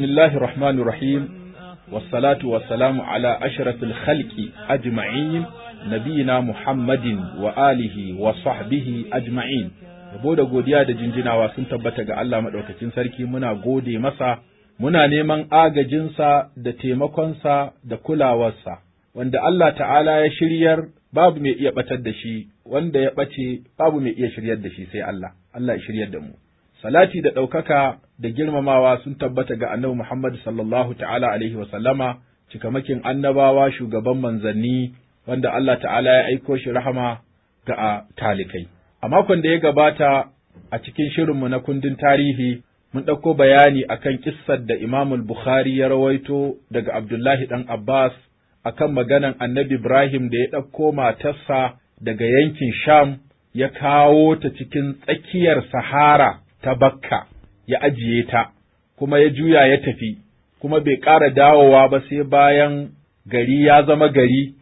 bismillahi rahmanir rahim wassalatu wassalamu ala ashrafil khalqi ajma'in nabiyina muhammadin wa alihi wa sahbihi ajma'in yabo da godiya da jinjinawa sun tabbata ga Allah maɗaukacin sarki muna gode masa muna neman agajinsa da taimakonsa da kulawarsa wanda Allah ta'ala ya shiryar babu mai iya batar da shi wanda ya ɓace babu mai iya shiryar da shi sai Allah Allah ya shiryar da mu salati da ɗaukaka da girmamawa sun tabbata ga annabi Muhammad sallallahu ta'ala alaihi wa sallama cikamakin annabawa shugaban manzanni wanda Allah ta'ala ya aiko shi rahama ga talikai. A makon da ya gabata a cikin shirinmu na kundin tarihi mun ɗauko bayani akan kissar da Imamul Bukhari ya rawaito daga Abdullahi ɗan Abbas akan maganan annabi Ibrahim da ya ɗauko matarsa daga yankin Sham ya kawo ta cikin tsakiyar Sahara ta Bakka. ya ajiye ta kuma ya juya ya tafi kuma bai ƙara dawowa ba sai bayan gari ya zama gari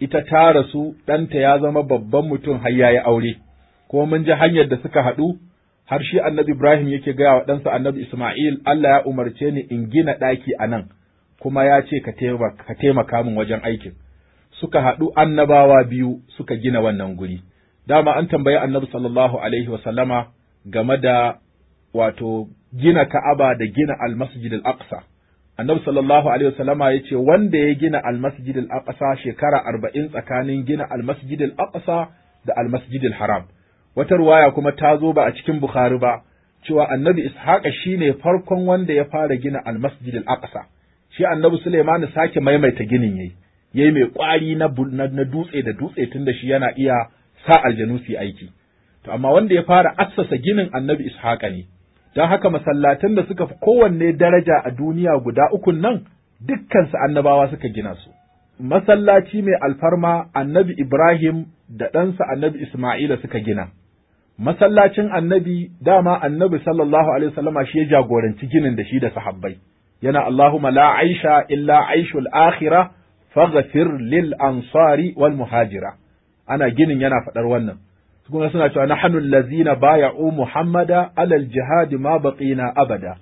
ita ta rasu ɗanta ya zama babban mutum har ya yi aure kuma mun ji hanyar da suka haɗu har shi annabi Ibrahim yake gaya wa ɗansa annabi Ismail Allah ya umarce ni in gina ɗaki a nan kuma ya ce ka taimaka min wajen aikin suka haɗu annabawa biyu suka gina wannan guri dama an tambayi annabi sallallahu alaihi wa sallama game da wato gina Ka'aba da gina Al-Masjid Al-Aqsa. Annabi sallallahu alaihi wasallama ya ce wanda ya gina Al-Masjid Al-Aqsa shekara arba'in tsakanin gina Al-Masjid Al-Aqsa da Al-Masjid Al-Haram. Wata ruwaya kuma ta zo ba a cikin Bukhari ba cewa Annabi Ishaqa shine farkon wanda ya fara gina Al-Masjid Al-Aqsa. Shi Annabi Suleiman sake maimaita ginin yayi. Yayi mai kwari na na dutse da dutse tunda shi yana iya sa aljanusi aiki. To amma wanda ya fara assasa ginin Annabi Ishaqa ne. don haka masallatan da suka fi kowanne daraja a duniya guda ukun nan dukkansu annabawa suka gina su masallaci mai alfarma annabi Ibrahim da ɗansa annabi Ismaila suka gina masallacin annabi dama annabi sallallahu alaihi wasallama shi ya jagoranci ginin da shi da sahabbai yana Allahumma la aisha illa aishul akhirah faghfir lil ansari wal muhajira ana ginin yana faɗar wannan kuma suna cewa nahnu allazina baya muhammada alal jihadi ma baƙina abada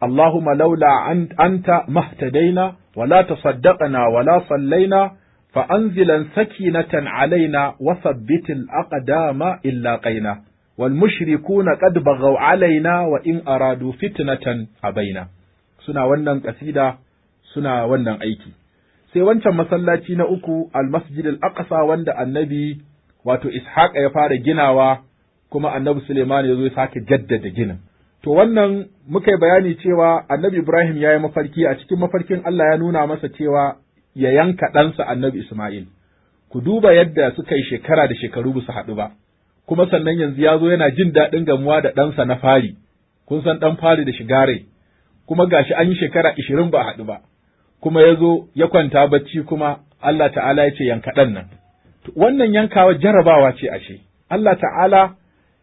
allahumma laula anta mahtadaina wala tasaddaqna wala sallaina fa anzilan sakinatan alaina wa thabbitil aqdama illa qaina wal mushrikuna qad baghaw alaina wa in aradu fitnatan abaina suna wannan kasida suna wannan aiki sai wancan masallaci na uku al-masjid al-aqsa wanda annabi wato Ishaqa ya fara ginawa kuma Annabi Suleiman ya zo ya sake jaddada ginin. To wannan muka yi bayani cewa Annabi Ibrahim ya yi mafarki a cikin mafarkin Allah ya nuna masa cewa ya yanka ɗansa Annabi Ismail. Ku duba yadda suka yi shekara da shekaru ba su haɗu ba. Kuma sannan yanzu ya zo yana jin daɗin gamuwa da ɗansa na fari. Kun san ɗan fari da shiga rai. Kuma gashi an yi shekara ishirin ba haɗu ba. Kuma ya zo ya kwanta bacci kuma Allah ta'ala ya ce yanka ɗan nan. wannan yankawa jarabawa ce ashe Allah ta'ala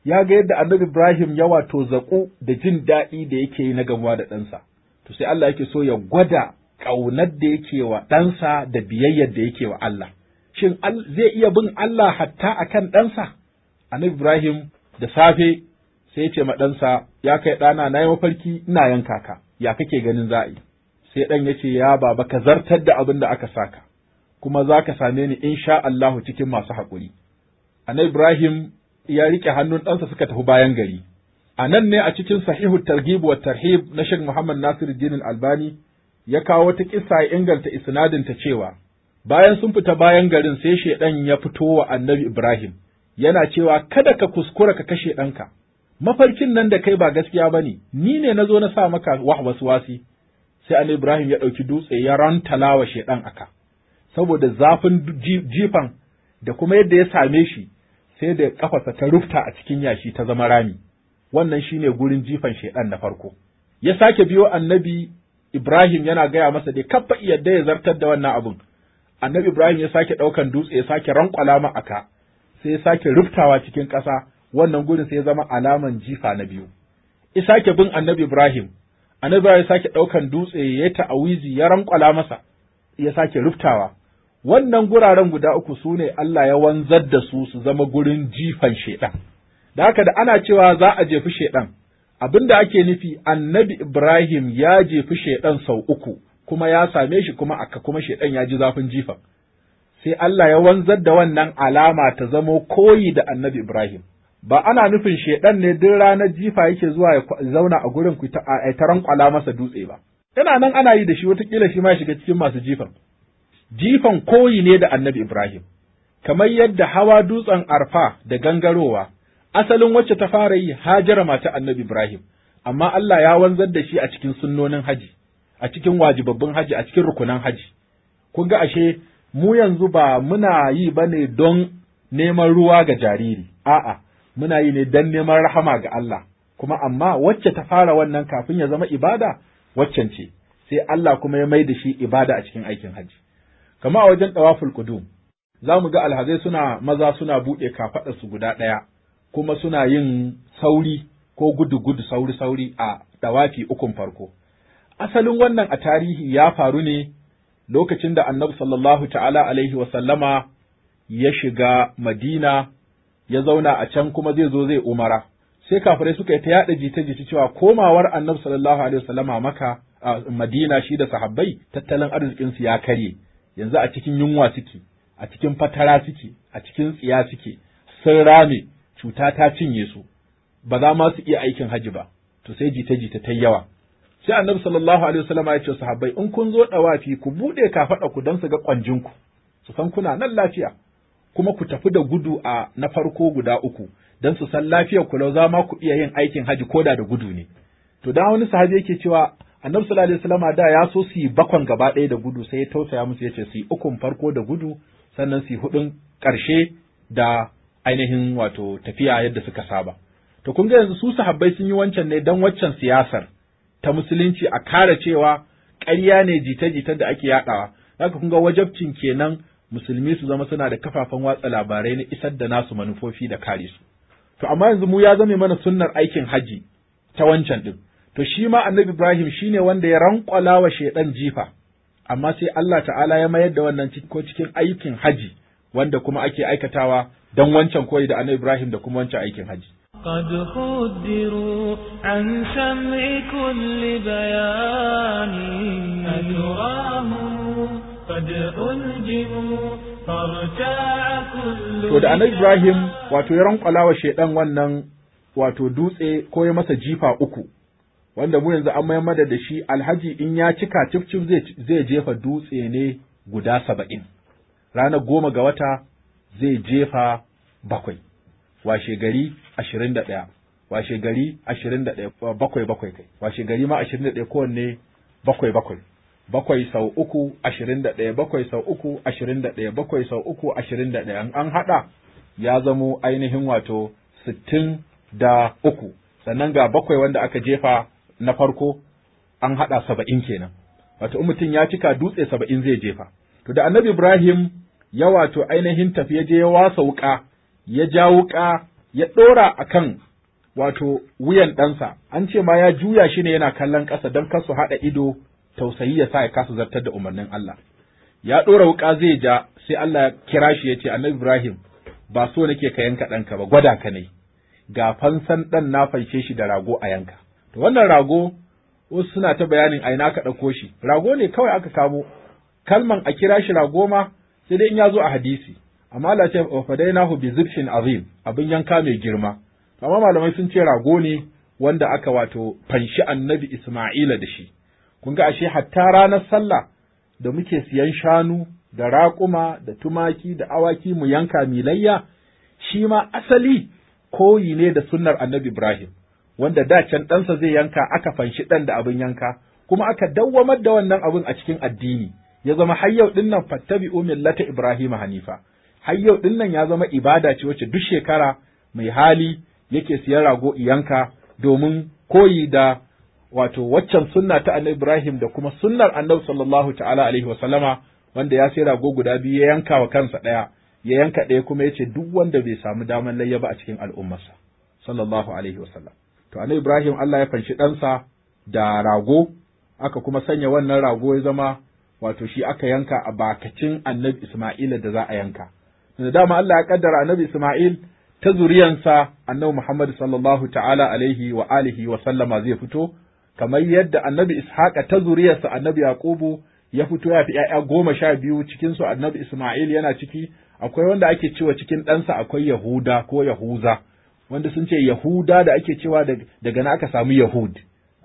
ya ga yadda annabi Ibrahim ya wato zaƙu da jin daɗi da yake yi na gamuwa da ɗansa to sai Allah yake so ya gwada ƙaunar da yake wa ɗansa da biyayyar da yake wa Allah shin zai iya bin Allah hatta akan ɗansa annabi Ibrahim da safe sai ya ce ma ɗansa ya kai ɗana na yi mafarki ina yanka ka ya kake ganin za'a yi sai ɗan ya ce ya baba ka zartar da abin da aka saka kuma za ka same ni in sha Allahu cikin masu haƙuri. Annabi Ibrahim ya riƙe hannun ɗansa suka tafi bayan gari. A nan ne a cikin sahihu targhib wa tarhib na Sheikh Muhammad Nasir Dinin Albani ya kawo wata kissa ya inganta isnadin ta cewa bayan sun fita bayan garin sai shaidan ya fito wa Annabi Ibrahim yana cewa kada ka kuskura ka kashe ɗanka. Mafarkin nan da kai ba gaskiya ba ne, ni ne na zo na sa maka wasu wasi. Sai Annabi Ibrahim ya ɗauki dutse ya Talawa shaiɗan aka. saboda zafin jifan da kuma yadda ya same shi sai da kafarsa ta rufta a cikin yashi ta zama rami wannan shine gurin jifan shaidan na farko ya sake biyo annabi Ibrahim yana gaya masa dai kafa yadda ya zartar da wannan abun annabi Ibrahim ya sake ɗaukan dutse ya sake rankwala ma aka sai ya sake ruftawa cikin ƙasa wannan gurin sai ya zama alaman jifa na biyu ya sake bin annabi Ibrahim annabi ya sake ɗaukan dutse ya ta'awizi ya rankwala masa ya sake ruftawa wannan guraren guda uku su ne Allah ya wanzar da su su zama gurin jifan shaiɗan. Da haka da ana cewa za a jefi shaiɗan, abin da ake nufi annabi Ibrahim ya jefi shaiɗan sau uku, kuma ya same shi kuma aka kuma shaiɗan ya ji zafin jifan. Sai Allah ya wanzar da wannan alama ta zamo koyi da annabi Ibrahim. Ba ana nufin shaiɗan ne duk ranar jifa yake zuwa ya zauna a gurin ku ta rankwala masa dutse ba. Ina nan ana yi da shi wataƙila shi ma shiga cikin masu jifan. jifan koyi ne da annabi Ibrahim, kamar yadda hawa dutsen arfa da gangarowa, asalin wacce ta fara yi hajara mata annabi Ibrahim, amma Allah ya wanzar da shi a cikin sunnonin haji, a cikin wajibabbin haji, a cikin rukunan haji. Kun ga ashe, mu yanzu ba muna yi ba ne don neman ruwa ga jariri, a'a, muna yi ne don neman rahama ga Allah, kuma amma wacce ta fara wannan kafin ya zama ibada, waccan ce, sai Allah kuma ya mai da shi ibada a cikin aikin haji. kama a wajen ɗawaful ƙudum za mu ga alhazai suna maza suna buɗe su guda ɗaya kuma suna yin sauri ko gudu-gudu sauri-sauri a ɗawafi ukun farko. Asalin wannan a tarihi ya faru ne lokacin da annabi sallallahu ta'ala alaihi sallama ya shiga Madina ya zauna a can kuma zai zo zai umara. Sai kafirai suka yi ta yaɗa jita-jita cewa komawar annabi sallallahu alaihi sallama maka a Madina shi da sahabbai tattalin arzikinsu ya karye. yanzu a cikin yunwa suke a cikin fatara suke a cikin tsiya suke sun rame cuta ta cinye su ba za ma su iya aikin haji ba to sai jita jita ta yawa sai annabi sallallahu alaihi wasallam ya ce sahabbai in kun zo dawafi ku bude kafada ku dan su ga kwanjin ku su san kuna nan lafiya kuma ku tafi da gudu a na farko guda uku dan su san lafiyar ku lau za ma ku iya yin aikin haji koda da gudu ne to dan wani sahabi yake cewa annabi sallallahu alaihi wasallam da ya so su yi bakon gaba ɗaya da gudu sai ya tausaya musu yace su yi ukun farko da gudu sannan su yi hudun ƙarshe da ainihin wato tafiya yadda suka saba to kun ga yanzu su sahabbai sun yi wancan ne dan waccan siyasar ta musulunci a kare cewa ƙarya ne jita jita da ake yaɗawa haka kun ga wajabcin kenan musulmi su zama suna da kafafen watsa labarai na isar da nasu manufofi da kare su to amma yanzu mu ya zame mana sunnar aikin haji ta wancan din to shi ma annabi Ibrahim shi ne wanda ya rankwala wa shaidan jifa amma sai Allah ta'ala ya mayar da wannan ko cikin aikin haji wanda kuma ake aikatawa don wancan koyi da annabi Ibrahim da kuma wancan aikin haji قد عن سمع كل بيان أجراهم قد ألجموا فارتاع كل To da annabi Ibrahim wato ya ranƙwala wa shaiɗan wannan wato dutse ko ya masa jifa uku wanda mu yanzu an mayar da shi alhaji in ya cika cifcif zai jefa dutse ne guda saba'in ranar goma ga wata zai jefa bakwai washe gari ashirin da ɗaya washe gari ashirin da ɗaya bakwai bakwai kai washe gari ma ashirin da ɗaya kowanne bakwai bakwai bakwai sau uku ashirin da ɗaya bakwai sau uku ashirin da ɗaya bakwai sau uku ashirin da ɗaya an haɗa ya zamo ainihin wato sittin da uku sannan ga bakwai wanda aka jefa na farko an haɗa saba'in kenan wato in mutum ya cika dutse saba'in zai jefa to da annabi ibrahim ya wato ainihin tafi ya je ya wasa wuƙa ya ja wuƙa ya ɗora a kan wato wuyan ɗansa an ce ma ya juya shi ne yana kallon ƙasa don kar su haɗa ido tausayi ya sa ya kasa zartar da umarnin Allah ya ɗora wuƙa zai ja sai Allah ya kira shi ya ce annabi ibrahim ba so nake ka yanka ɗanka ba gwada ka ne ga fansan ɗan na fanshe shi da rago a yanka To wannan rago wasu suna ta bayanin a ina aka ɗauko shi, rago ne kawai aka kamo, kalman a kira shi rago ma sai dai in ya zo a hadisi, amma Allah ce fadainahu bi zibshin azim abin yanka mai girma. Amma malamai sun ce rago ne wanda aka wato fanshi annabi Isma'ila da shi. Kun ga ashe hatta ranar sallah da muke siyan shanu da raƙuma da tumaki da awaki mu yanka milayya shi ma asali koyi ne da sunnar annabi Ibrahim. wanda da can ɗansa zai yanka aka fanshi ɗan da abin yanka kuma aka dawwamar da wannan abin a cikin addini ya zama har yau ɗin nan umin lata Ibrahim hanifa har yau ɗin nan ya zama ibada ce wacce duk shekara mai hali yake siyan rago yanka domin koyi da wato waccan sunna ta annabi Ibrahim da kuma sunnar annabi sallallahu ta'ala alaihi wa sallama wanda ya sai rago guda biyu ya yanka wa kansa ɗaya ya yanka ɗaya kuma ya ce duk wanda bai samu damar layya ba a cikin al'ummarsa sallallahu alaihi wa sallam to annabi Ibrahim Allah ya fanshi ɗansa da rago aka kuma sanya wannan rago ya zama wato shi aka yanka a bakacin annabi Isma'ila da za a yanka da dama Allah ya kaddara annabi Isma'il ta zuriyansa annabi Muhammad sallallahu ta'ala alaihi wa alihi wa sallama zai fito kamar yadda annabi Ishaqa ta zuriyarsa annabi Yaqubu ya fito ya fi ‘ya'ya goma sha biyu cikinsu annabi Ismail yana ciki, akwai wanda ake cewa cikin ɗansa akwai Yahuda ko Yahuza, wanda sun ce Yahuda da ake cewa daga na aka samu Yahud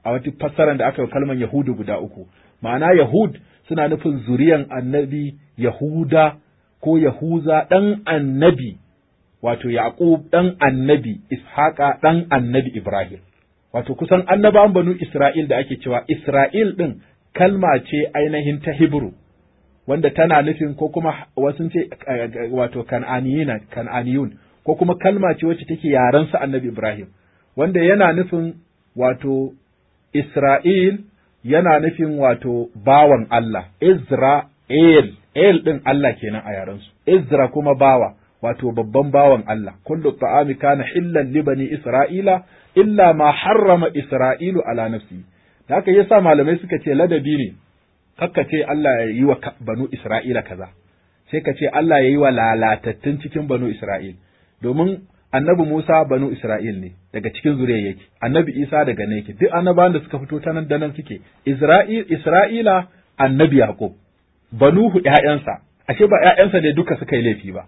a wata fassarar da aka yi kalmar Yahudu guda uku ma'ana Yahud suna nufin zuriyan annabi Yahuda ko Yahuza ɗan annabi wato Yaƙub ɗan annabi Ishaqa ɗan annabi Ibrahim wato kusan annabawan banu Isra'il da ake cewa Isra'il ɗin kalma ce ainihin ta Hibru wanda tana nufin ko kuma wasu ce eh, eh, wato kan'aniyun ko kuma kalma ce wacce take sa, annabi Ibrahim, wanda yana nufin wato Isra'il yana nufin wato bawan Allah, Isra'il, El ɗin Allah kenan a yarensu, Izra kuma bawa, wato babban bawan Allah, kullu ta'ami kana hillan libani Isra'ila, illa ma harrama Isra'ilu ala nafsi. Da haka yasa malamai suka ce ladabi ne, kakka ce Allah ya yi wa banu Isra'ila kaza, sai ka ce Allah ya yi wa lalatattun cikin banu Isra'il, domin annabi Musa banu Isra'il ne daga cikin zuriyar yake annabi Isa daga ne yake duk annabawan da suka fito ta nan da nan suke Isra'il Isra'ila annabi Yaqub banuhu 'ya'yansa. ashe ba 'ya'yansa ne duka suka yi laifi ba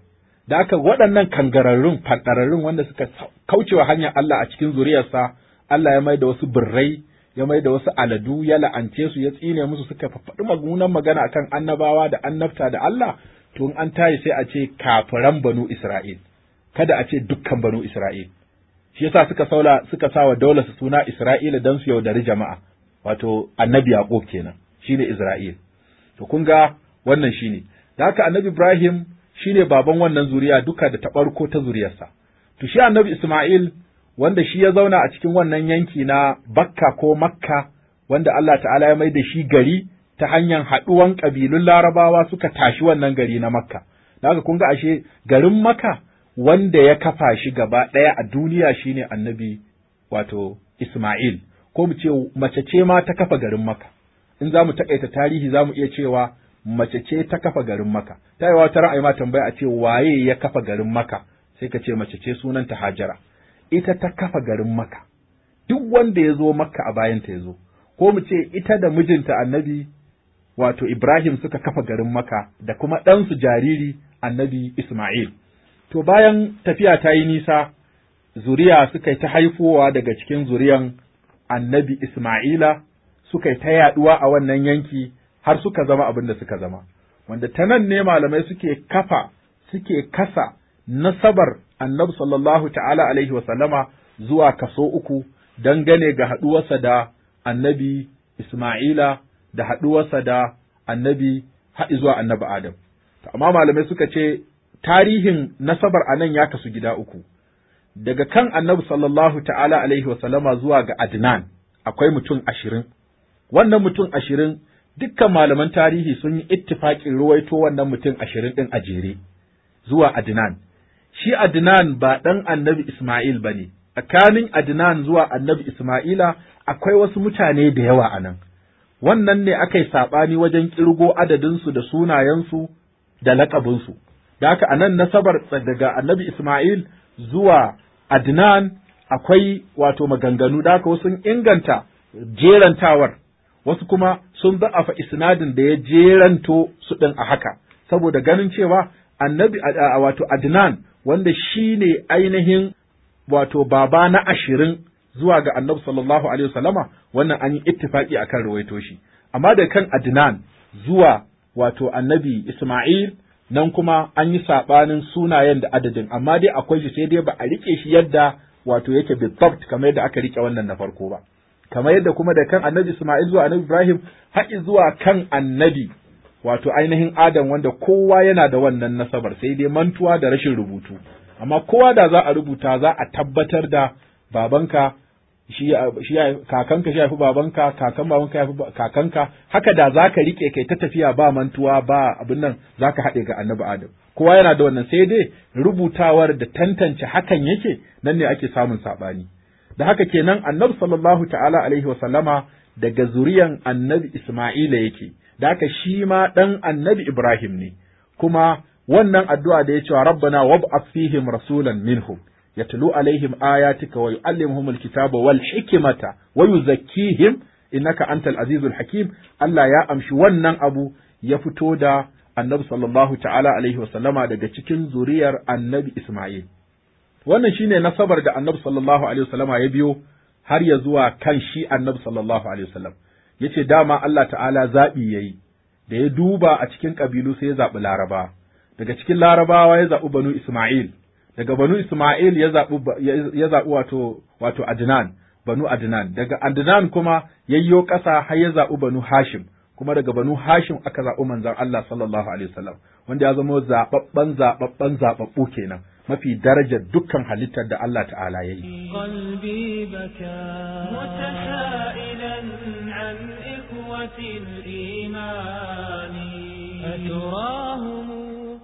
da aka waɗannan kangararrun fadararrun wanda suka kaucewa hanyar Allah a cikin zuriyarsa Allah ya mai da wasu birrai ya mai da wasu aladu ya la'ance su ya tsine musu suka faɗi magunan magana akan annabawa da annabta da Allah to an tayi sai a ce kafiran banu Isra'il kada a ce dukkan banu Isra'il. Shi yasa suka saula suka sawa daular su suna Isra'ila dan su yaudari jama'a, wato annabi Yaqub kenan, shine Isra'il. To kun ga wannan shine. Da haka annabi Ibrahim shine baban wannan zuriya duka da ta ɓarko ta zuriyarsa. To shi annabi Isma'il wanda shi ya zauna a cikin wannan yanki na Bakka ko Makka wanda Allah ta'ala ya mai da shi gari ta hanyar haɗuwan ƙabilun larabawa suka tashi wannan gari na makka da haka kun ga ashe garin makka wanda ya kafa shi gaba ɗaya a duniya shine annabi wato Ismail ko mu ce mace ce ma ta kafa garin maka? in za mu taƙaita tarihi za mu iya cewa mace ce ta kafa garin maka? ta yi wata ra'ayi ma tambaya a ce waye ya kafa garin maka? sai ka ce mace ce sunanta Hajara ita ta kafa garin maka. duk wanda ya zo Makka a bayanta ya zo ko mu ce ita da mijinta annabi wato Ibrahim suka kafa garin maka? da kuma ɗansu jariri annabi Ismail To bayan tafiya ta yi nisa, zuriya suka yi ta haifowa daga cikin zuriyan annabi Ismaila, suka yi ta yaɗuwa a wannan yanki har suka zama abin da suka zama. Wanda ta nan ne malamai suke kafa, suke kasa nasabar annabi sallallahu ta'ala alaihi wasallama zuwa kaso uku dangane ga haɗuwarsa da annabi Ismaila da haɗuwarsa da annabi haɗi zuwa annabi Adam. amma malamai suka ce tarihin nasabar a nan ya kasu gida uku daga kan annabi sallallahu ta'ala alaihi wasallama zuwa ga Adnan akwai mutum ashirin wannan mutum ashirin dukkan malaman tarihi sun yi ittifaƙin ruwaito wannan mutum ashirin ɗin a jere zuwa Adnan shi Adnan ba ɗan annabi Ismail ba ne tsakanin Adnan zuwa annabi Ismaila akwai wasu mutane da yawa a nan wannan ne aka yi saɓani wajen ƙirgo adadinsu da sunayensu da laƙabinsu da haka nan nasabar daga annabi Ismail zuwa Adnan akwai wato maganganu da haka wasu inganta jerantawar wasu kuma sun da'afa isnadin da ya jeranto su ɗin a haka saboda ganin cewa annabi wato Adnan wanda shi ne ainihin wato baba na ashirin zuwa ga annabi sallallahu alaihi wasallama wannan an yi ittifaki akan rawaito shi amma da kan Adnan zuwa wato annabi Ismail nan kuma an yi saɓanin sunayen da adadin amma dai akwai shi sai dai ba a riƙe shi yadda wato yake bidabt kamar yadda aka riƙe wannan na farko ba kamar yadda kuma da kan annabi Isma'il zuwa annabi Ibrahim haƙi zuwa kan annabi wato ainihin Adam wanda kowa yana da wannan nasabar sai dai mantuwa da rashin rubutu amma kowa da za a rubuta za a tabbatar da babanka shi kakanka shi ya fi babanka kakan babanka ya fi kakanka haka da zaka rike kai ta tafiya ba mantuwa ba abin nan zaka haɗe ga annabi adam kowa yana da wannan sai dai rubutawar da tantance hakan yake nan ne ake samun saɓani da haka kenan annabi sallallahu ta'ala alaihi wa sallama daga zuriyan annabi Isma'ila yake da haka shi ma ɗan annabi Ibrahim ne kuma wannan addu'a da ya cewa rabbana wab'ath fihim rasulan minhum yatlu alaihim ayatika wa yuallimuhumul kitaba wal hikmata wa yuzakkihim innaka antal azizul hakim Allah ya amshi wannan abu ya fito da annabi sallallahu ta'ala alaihi wasallama daga cikin zuriyar annabi Ismail wannan shine nasabar da annabi sallallahu alaihi wasallama ya biyo har ya zuwa kan shi annabi sallallahu alaihi wasallam yace dama Allah ta'ala zabi yayi da ya duba a cikin kabilu sai ya zabi Laraba daga cikin Larabawa ya zabi Banu Ismail daga banu Isma'il ya zaɓi wato wato Adnan banu Adnan daga Adnan kuma yayyo ƙasa har ya zaɓi banu Hashim kuma daga banu Hashim aka zaɓi manzan Allah sallallahu alaihi wasallam wanda ya zama zaɓaɓɓen zaɓaɓɓen zaɓaɓɓu kenan mafi darajar dukkan halittar da Allah ta'ala ya yi.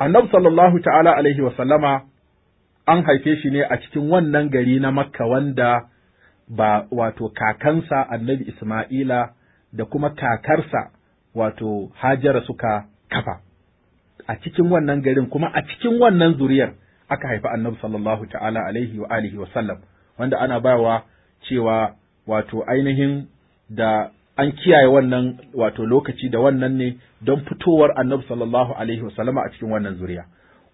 Annabi sallallahu ta'ala alaihi wa sallama an haife shi ne a cikin wannan gari na Makka wanda ba wato kakansa annabi Ismaila da kuma kakarsa wato Hajara suka kafa. A cikin wannan garin kuma a cikin wannan zuriyar aka haifi annabi sallallahu ta'ala alaihi wa alihi wa sallam wanda ana bawa cewa wato ainihin da an kiyaye wannan wato lokaci da wannan ne don fitowar annabi sallallahu alaihi wa sallama a cikin wannan zuriya.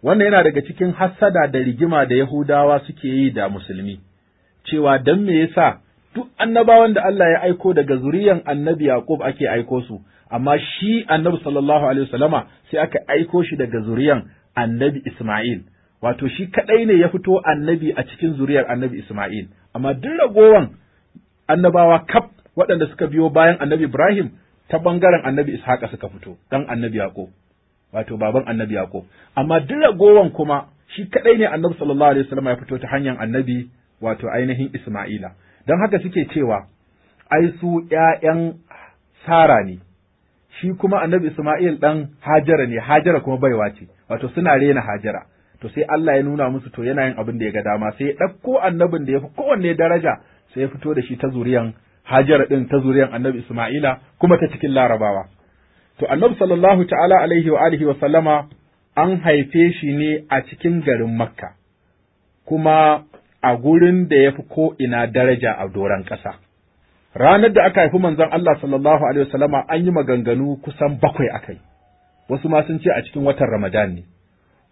wannan yana daga cikin hassada da rigima da Yahudawa suke yi da musulmi cewa dan me yasa duk annabawan da Allah ya aiko daga zuriyan annabi Yaqub ake aiko su amma shi annabi sallallahu alaihi wasallama sai aka aiko shi daga zuriyan annabi Isma'il wato shi kaɗai ne ya fito annabi a cikin zuriyar annabi Isma'il amma duk ragowan annabawa kaf waɗanda suka biyo bayan annabi Ibrahim ta ɓangaren annabi Ishaqa suka fito dan annabi Yaqub wato baban annabi yaqub amma duk ragowan kuma shi kadai ne annabi sallallahu alaihi wasallam ya fito ta hanyar annabi wato ainihin isma'ila don haka suke cewa ai su ’ya'yan Sara ne, shi kuma annabi Ismail ɗan Hajara ne, Hajara kuma baiwa ce, wato suna rena Hajara. To sai Allah ya nuna musu to yana yin abin da ya ga dama, sai ya ɗauko annabin da ya fi kowanne daraja, sai ya fito da shi ta zuriyan Hajara din ta zuriyan annabi Ismaila kuma ta cikin Larabawa. To annabi sallallahu ta'ala alaihi wa alihi wa sallama an haife shi ne a cikin garin Makka, kuma a gurin da ya fi ko'ina daraja a doron ƙasa. Ranar da aka haifi manzon Allah sallallahu alaihi wa sallama an yi maganganu kusan bakwai akai, wasu ma sun ce a cikin watan Ramadan ne.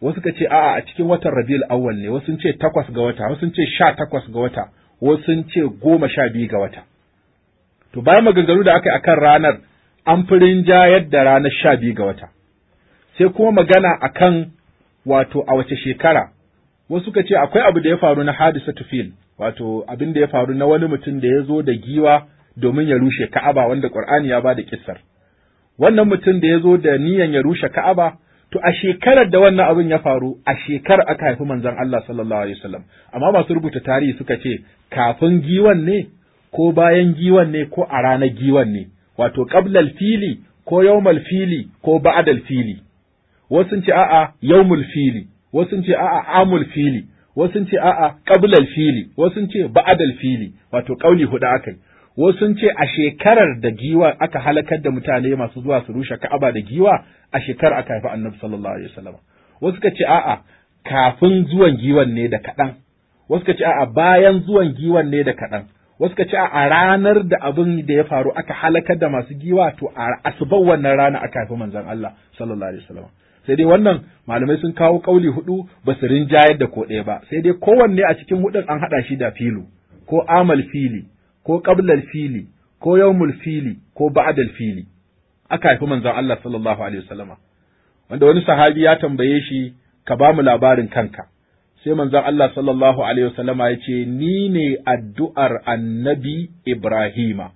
wasu ka ce a'a a cikin watan Rabiul Awwal ne, wasu ce takwas ga wata, wasu ce sha takwas ga wata, wasu ce goma sha biyu ga wata. To bayan maganganu da aka yi akan ranar an fi rinjayar da ranar sha biyu ga wata. Sai kuma magana a kan wato a wace shekara, wasu ka ce akwai abu da ya faru na hadisa tufil, wato abin da ya faru na wani mutum da ya zo da giwa domin ya rushe Ka'aba wanda Ƙur'ani ya ba da kissar. Wannan mutum da ya zo da niyan ya rushe Ka'aba, to a shekarar da wannan abin ya faru, a shekarar aka haifi manzon Allah sallallahu alaihi wasallam. Amma masu rubuta tarihi suka ce kafin giwan ne ko bayan giwan ne ko a ranar giwan ne. wato qablal fili ko yawmal fili ko ba'dal fili wasu sun ce a'a yawmul fili wasu sun ce a'a amul fili wasu sun ce a'a qablal fili wasu sun ce ba'dal fili wato kauli hudu akai wasu sun ce a shekarar da giwa aka halakar da mutane masu zuwa su rushe Ka'aba da giwa a shekar aka haifi Annabi sallallahu alaihi wasallam wasu ka ce a'a kafin zuwan giwan ne da kaɗan wasu ka ce a'a bayan zuwan giwan ne da kaɗan wasu ka ce a ranar da abin da ya faru aka halakar da masu giwa to a asubar wannan rana aka haifi manzon Allah sallallahu alaihi wasallam sai dai wannan malamai sun kawo kauli hudu ba su rinjayar da ko ɗaya ba sai dai kowanne a cikin hudun an haɗa shi da filu ko amal fili ko qablal fili ko yawmul fili ko ba'dal fili aka haifi manzon Allah sallallahu alaihi wasallam wanda wani sahabi ya tambaye shi ka ba mu labarin kanka sai manzon Allah sallallahu alaihi wasallama ya ce ni ne addu'ar annabi Ibrahima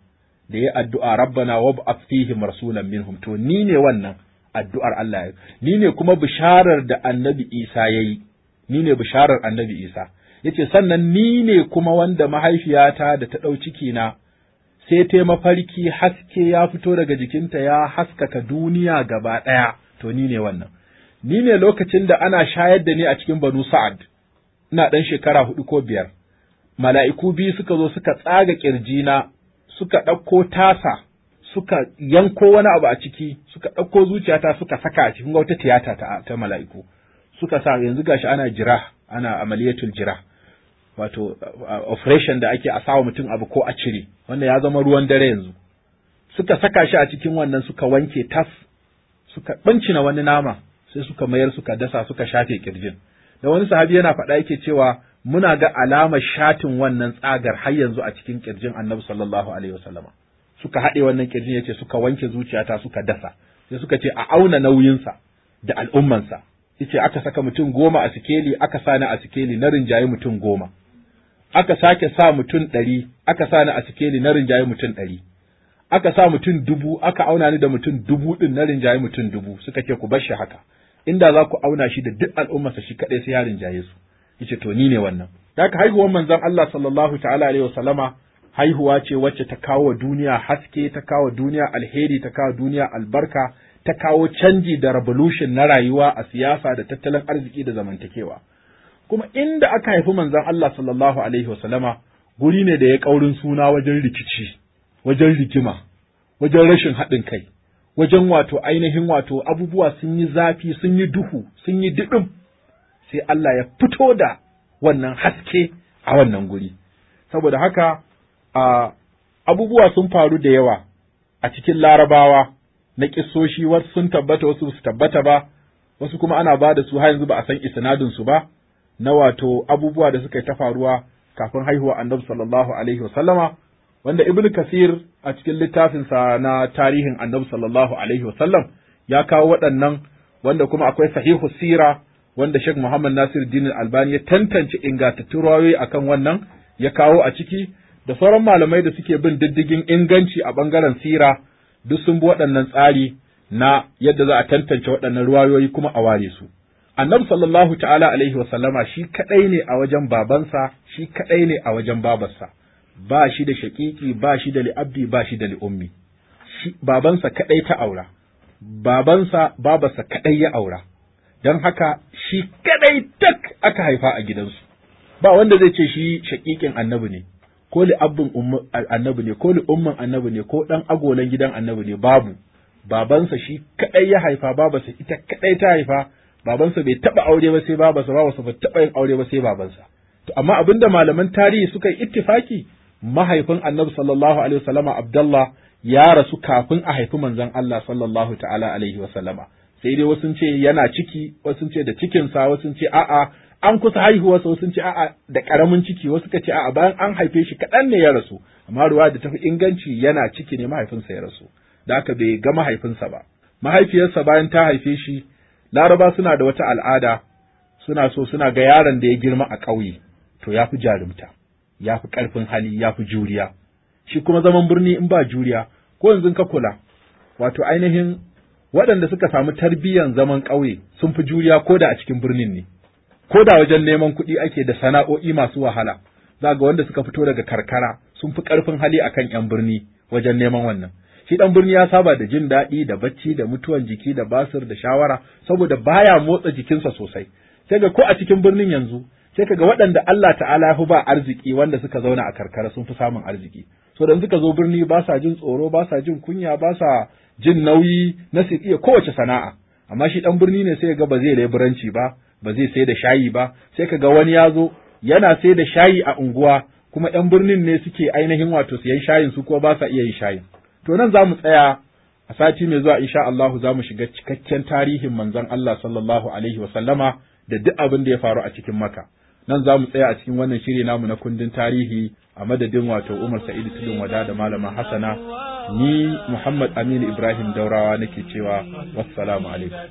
da ya addu'a rabbana wa fihim rasulan minhum to ni ne wannan addu'ar Allah ya ni ne kuma bisharar da annabi Isa yayi ni ne bisharar annabi Isa yace sannan ni ne kuma wanda mahaifiyata da ta ɗau ciki na sai ta mafarki haske ya fito daga jikinta ya haskaka duniya gaba ɗaya to ni ne wannan ni ne lokacin da ana shayar da ni a cikin banu sa'ad ina ɗan shekara hudu ko biyar mala'iku biyu suka zo suka tsaga na suka ɗauko tasa suka yanko wani abu a ciki suka ɗauko zuciyata suka saka a cikin wata tiyata ta, ta mala'iku suka sa yanzu gashi ana jira ana amaliyatul jira wato uh, operation da ake a sawa mutum abu ko a cire wanda ya zama ruwan dare yanzu suka saka shi a cikin wannan suka wanke tas suka ɓancina wani nama sai suka mayar suka dasa suka shafe ƙirjin. da wani sahabi yana faɗa yake cewa muna ga alamar shatin wannan tsagar har yanzu a cikin kirjin annabi sallallahu alaihi wasallama suka haɗe wannan kirjin yace suka wanke zuciyata suka dasa sai suka ce a auna nauyinsa da al'ummansa yace aka saka mutum goma a sikeli aka sani a sikeli na rinjaye mutum goma aka sake sa mutum ɗari aka sani a sikeli na rinjaye mutum ɗari aka sa mutum dubu aka auna ni da mutum dubu ɗin na rinjaye mutum dubu suka ce ku bar shi haka inda za ku auna shi da duk al'ummarsa shi kaɗai sai yarin rinjaye su yace to ni ne wannan haka haihuwar manzon Allah sallallahu ta'ala alaihi wasallama haihuwa ce wacce ta kawo duniya haske ta kawo duniya alheri ta kawo duniya albarka ta kawo canji da revolution na rayuwa a siyasa da tattalin arziki da zamantakewa kuma inda aka haifi manzon Allah sallallahu alaihi wasallama guri ne da ya kaurin suna wajen rikici wajen rigima wajen rashin haɗin kai wajen wato ainihin wato abubuwa sun yi zafi sun yi duhu sun yi diɗin sai Allah ya fito da wannan haske a wannan guri saboda haka a abubuwa sun faru da yawa a cikin larabawa na ƙisoshi wasu sun tabbata wasu su tabbata ba wasu kuma ana ba da su har yanzu ba a san isnadin su ba na wato abubuwa da suka yi ta faruwa kafin haihuwa annabi sallallahu alaihi wasallama wanda ibnu kasir a cikin littafinsa na tarihin annabi sallallahu alaihi wasallam ya kawo waɗannan wanda kuma akwai sahihu sira wanda Sheikh Muhammad Nasir dini Albani ya tantance ingantattun rawayoyi akan wannan ya kawo a ciki da sauran malamai da suke bin diddigin inganci a bangaren sira duk sun bi waɗannan tsari na yadda za a tantance waɗannan ruwayoyi kuma a ware su. Annabi sallallahu ta'ala alaihi wa sallama shi kaɗai ne a wajen babansa, shi kaɗai ne a wajen babarsa. ba shi da shaƙiƙi ba shi da li'abdi ba shi da li'ummi babansa kaɗai ta aura babansa babansa kaɗai ya aura don haka shi kaɗai tak aka haifa a gidansu ba wanda zai ce shi shaƙiƙin annabi ne ko li'abdin annabi ne ko li'ummin annabi ne ko ɗan agolan gidan annabi ne babu babansa shi kaɗai ya haifa babansa ita kaɗai ta haifa babansa bai taɓa aure ba sai babarsa babarsa ba taɓa yin aure ba sai babansa to amma abinda malaman tarihi suka yi ittifaki mahaifin annabi sallallahu alaihi wasallama abdallah ya rasu kafin a haifi manzon Allah sallallahu ta'ala alaihi wasallama sai dai wasu ce yana ciki wasu ce da cikinsa wasu ce a'a an kusa sa wasu ce a'a da karamin ciki wasu ka ce a'a bayan an haife shi kaɗan ne ya rasu amma ruwa da tafi inganci yana ciki ne mahaifinsa ya rasu da aka bai ga mahaifinsa ba mahaifiyarsa bayan ta haife shi laraba suna da wata al'ada suna so suna ga yaron da ya girma a ƙauye to ya fi jarumta ya fi ƙarfin hali ya fi juriya shi kuma zaman birni in ba juriya ko yanzu ka kula wato ainihin waɗanda suka samu tarbiyyan zaman ƙauye sun fi juriya ko da a cikin birnin ne ko da wajen neman kuɗi ake da sana'o'i masu wahala za ga wanda suka fito daga karkara sun fi ƙarfin hali a kan 'yan birni wajen neman wannan shi ɗan birni ya saba da jin daɗi da bacci da mutuwan jiki da basir da shawara saboda baya motsa jikinsa sosai sai ga ko a cikin birnin yanzu sai kaga waɗanda Allah ta'ala ya ba arziki wanda suka zauna a karkara sun fi samun arziki so da suka zo birni ba sa jin tsoro ba sa jin kunya ba sa jin nauyi na su iya kowace sana'a amma shi dan birni ne sai ga ba zai leburanci ba ba zai sai da shayi ba sai kaga wani ya zo yana sai da shayi a unguwa kuma ‘yan birnin ne suke ainihin wato siyan shayin su kuma ba sa iya yin shayin. To nan za mu tsaya a sati mai zuwa insha Allahu za mu shiga cikakken tarihin manzon Allah sallallahu alaihi wa sallama da duk abin da ya faru a cikin maka. nan za mu tsaya a cikin wannan shiri namu na kundin tarihi a madadin wato Umar Sa'idu Tudun Wada da Malama Hassana ni Muhammad Aminu Ibrahim Daurawa nake cewa wassalamu alaikum